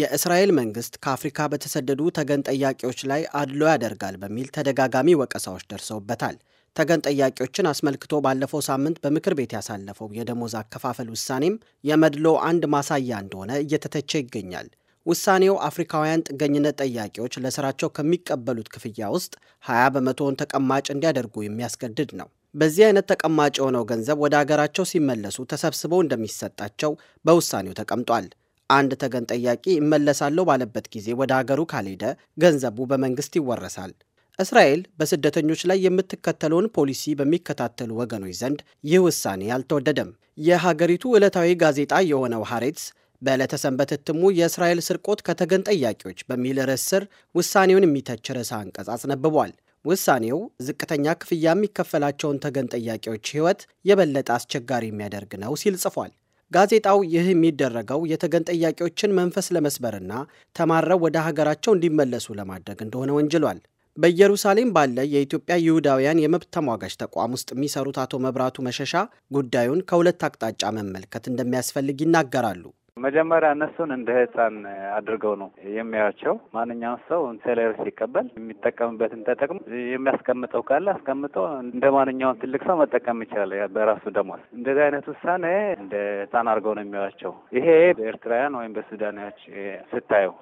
የእስራኤል መንግስት ከአፍሪካ በተሰደዱ ተገን ጠያቂዎች ላይ አድሎ ያደርጋል በሚል ተደጋጋሚ ወቀሳዎች ደርሰውበታል። ተገን ጠያቂዎችን አስመልክቶ ባለፈው ሳምንት በምክር ቤት ያሳለፈው የደሞዝ አከፋፈል ውሳኔም የመድሎ አንድ ማሳያ እንደሆነ እየተተቸ ይገኛል። ውሳኔው አፍሪካውያን ጥገኝነት ጠያቂዎች ለስራቸው ከሚቀበሉት ክፍያ ውስጥ 20 በመቶውን ተቀማጭ እንዲያደርጉ የሚያስገድድ ነው። በዚህ አይነት ተቀማጭ የሆነው ገንዘብ ወደ አገራቸው ሲመለሱ ተሰብስበው እንደሚሰጣቸው በውሳኔው ተቀምጧል። አንድ ተገን ጠያቂ እመለሳለሁ ባለበት ጊዜ ወደ አገሩ ካልሄደ ገንዘቡ በመንግስት ይወረሳል። እስራኤል በስደተኞች ላይ የምትከተለውን ፖሊሲ በሚከታተሉ ወገኖች ዘንድ ይህ ውሳኔ አልተወደደም። የሀገሪቱ ዕለታዊ ጋዜጣ የሆነው ሐሬትስ በዕለተ ሰንበት እትሙ የእስራኤል ስርቆት ከተገን ጠያቂዎች በሚል ርዕስ ስር ውሳኔውን የሚተች ርዕሰ አንቀጽ አስነብቧል። ውሳኔው ዝቅተኛ ክፍያ የሚከፈላቸውን ተገን ጠያቂዎች ሕይወት የበለጠ አስቸጋሪ የሚያደርግ ነው ሲል ጽፏል። ጋዜጣው ይህ የሚደረገው የተገን ጠያቂዎችን መንፈስ ለመስበርና ተማረው ወደ ሀገራቸው እንዲመለሱ ለማድረግ እንደሆነ ወንጅሏል። በኢየሩሳሌም ባለ የኢትዮጵያ ይሁዳውያን የመብት ተሟጋች ተቋም ውስጥ የሚሰሩት አቶ መብራቱ መሸሻ ጉዳዩን ከሁለት አቅጣጫ መመልከት እንደሚያስፈልግ ይናገራሉ። መጀመሪያ እነሱን እንደ ህፃን አድርገው ነው የሚያቸው። ማንኛውም ሰው ሴለሪ ሲቀበል የሚጠቀምበትን ተጠቅሞ የሚያስቀምጠው ካለ አስቀምጦ እንደ ማንኛውም ትልቅ ሰው መጠቀም ይችላል በራሱ ደሞዝ። እንደዚህ አይነት ውሳኔ እንደ ህፃን አድርገው ነው የሚያቸው። ይሄ በኤርትራውያን ወይም በሱዳናዎች ስታየው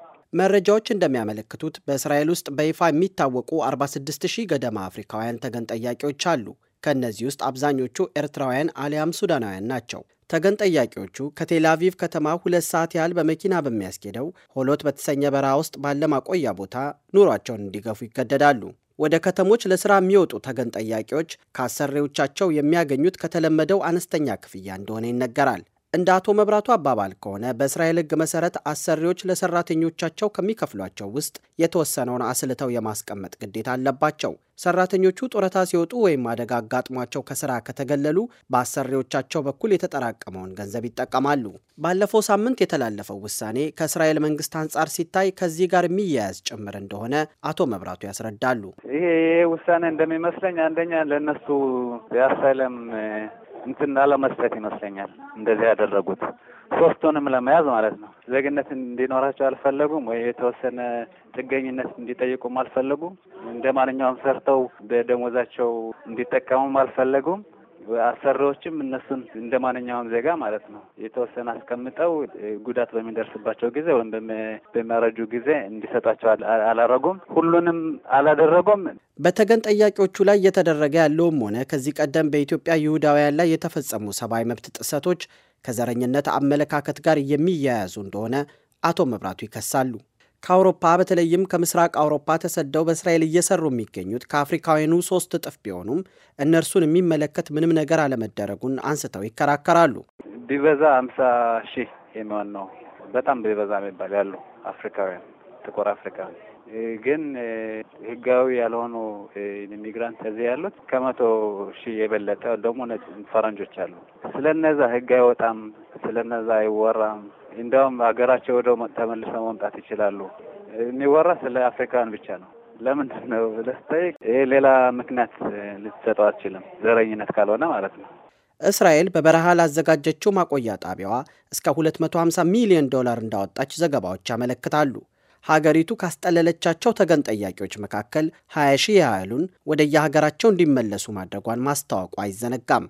መረጃዎች እንደሚያመለክቱት በእስራኤል ውስጥ በይፋ የሚታወቁ 46 ሺህ ገደማ አፍሪካውያን ተገን ጠያቂዎች አሉ። ከእነዚህ ውስጥ አብዛኞቹ ኤርትራውያን አሊያም ሱዳናውያን ናቸው። ተገን ጠያቂዎቹ ከቴላቪቭ ከተማ ሁለት ሰዓት ያህል በመኪና በሚያስኬደው ሆሎት በተሰኘ በረሃ ውስጥ ባለ ማቆያ ቦታ ኑሯቸውን እንዲገፉ ይገደዳሉ። ወደ ከተሞች ለስራ የሚወጡ ተገን ጠያቂዎች ከአሰሪዎቻቸው የሚያገኙት ከተለመደው አነስተኛ ክፍያ እንደሆነ ይነገራል። እንደ አቶ መብራቱ አባባል ከሆነ በእስራኤል ሕግ መሰረት አሰሪዎች ለሰራተኞቻቸው ከሚከፍሏቸው ውስጥ የተወሰነውን አስልተው የማስቀመጥ ግዴታ አለባቸው። ሰራተኞቹ ጡረታ ሲወጡ ወይም አደጋ አጋጥሟቸው ከስራ ከተገለሉ በአሰሪዎቻቸው በኩል የተጠራቀመውን ገንዘብ ይጠቀማሉ። ባለፈው ሳምንት የተላለፈው ውሳኔ ከእስራኤል መንግስት አንጻር ሲታይ ከዚህ ጋር የሚያያዝ ጭምር እንደሆነ አቶ መብራቱ ያስረዳሉ። ይሄ ይሄ ውሳኔ እንደሚመስለኝ አንደኛ ለእነሱ የአሳይለም እንትን ላለመስጠት ይመስለኛል እንደዚህ ያደረጉት ሶስቱንም ለመያዝ ማለት ነው። ዜግነት እንዲኖራቸው አልፈለጉም ወይ የተወሰነ ጥገኝነት እንዲጠይቁም አልፈለጉም። እንደ ማንኛውም ሰርተው በደሞዛቸው እንዲጠቀሙም አልፈለጉም። አሰሪዎችም እነሱን እንደ ማንኛውም ዜጋ ማለት ነው የተወሰነ አስቀምጠው ጉዳት በሚደርስባቸው ጊዜ ወይም በሚያረጁ ጊዜ እንዲሰጣቸው አላረጉም። ሁሉንም አላደረጉም። በተገን ጠያቂዎቹ ላይ እየተደረገ ያለውም ሆነ ከዚህ ቀደም በኢትዮጵያ ይሁዳውያን ላይ የተፈጸሙ ሰብአዊ መብት ጥሰቶች ከዘረኝነት አመለካከት ጋር የሚያያዙ እንደሆነ አቶ መብራቱ ይከሳሉ። ከአውሮፓ በተለይም ከምስራቅ አውሮፓ ተሰደው በእስራኤል እየሰሩ የሚገኙት ከአፍሪካውያኑ ሶስት እጥፍ ቢሆኑም እነርሱን የሚመለከት ምንም ነገር አለመደረጉን አንስተው ይከራከራሉ። ቢበዛ አምሳ ሺህ የሚሆን ነው። በጣም ቢበዛ የሚባል ያሉ አፍሪካውያን ጥቁር አፍሪካውያን ግን ህጋዊ ያልሆኑ ኢሚግራንት እዚህ ያሉት ከመቶ ሺህ የበለጠ ደግሞ ፈረንጆች አሉ። ስለነዛ ህግ አይወጣም፣ ስለነዛ አይወራም። እንደውም ሀገራቸው ወደው ተመልሰው መምጣት ይችላሉ። የሚወራ ስለ አፍሪካን ብቻ ነው። ለምንድን ነው ብለህ ስጠይቅ ሌላ ምክንያት ልትሰጠው አትችልም፣ ዘረኝነት ካልሆነ ማለት ነው። እስራኤል በበረሃ ላዘጋጀችው ማቆያ ጣቢያዋ እስከ 250 ሚሊዮን ዶላር እንዳወጣች ዘገባዎች ያመለክታሉ። ሀገሪቱ ካስጠለለቻቸው ተገን ጠያቂዎች መካከል 20 ሺህ ያህሉን ወደ የሀገራቸው እንዲመለሱ ማድረጓን ማስታወቁ አይዘነጋም።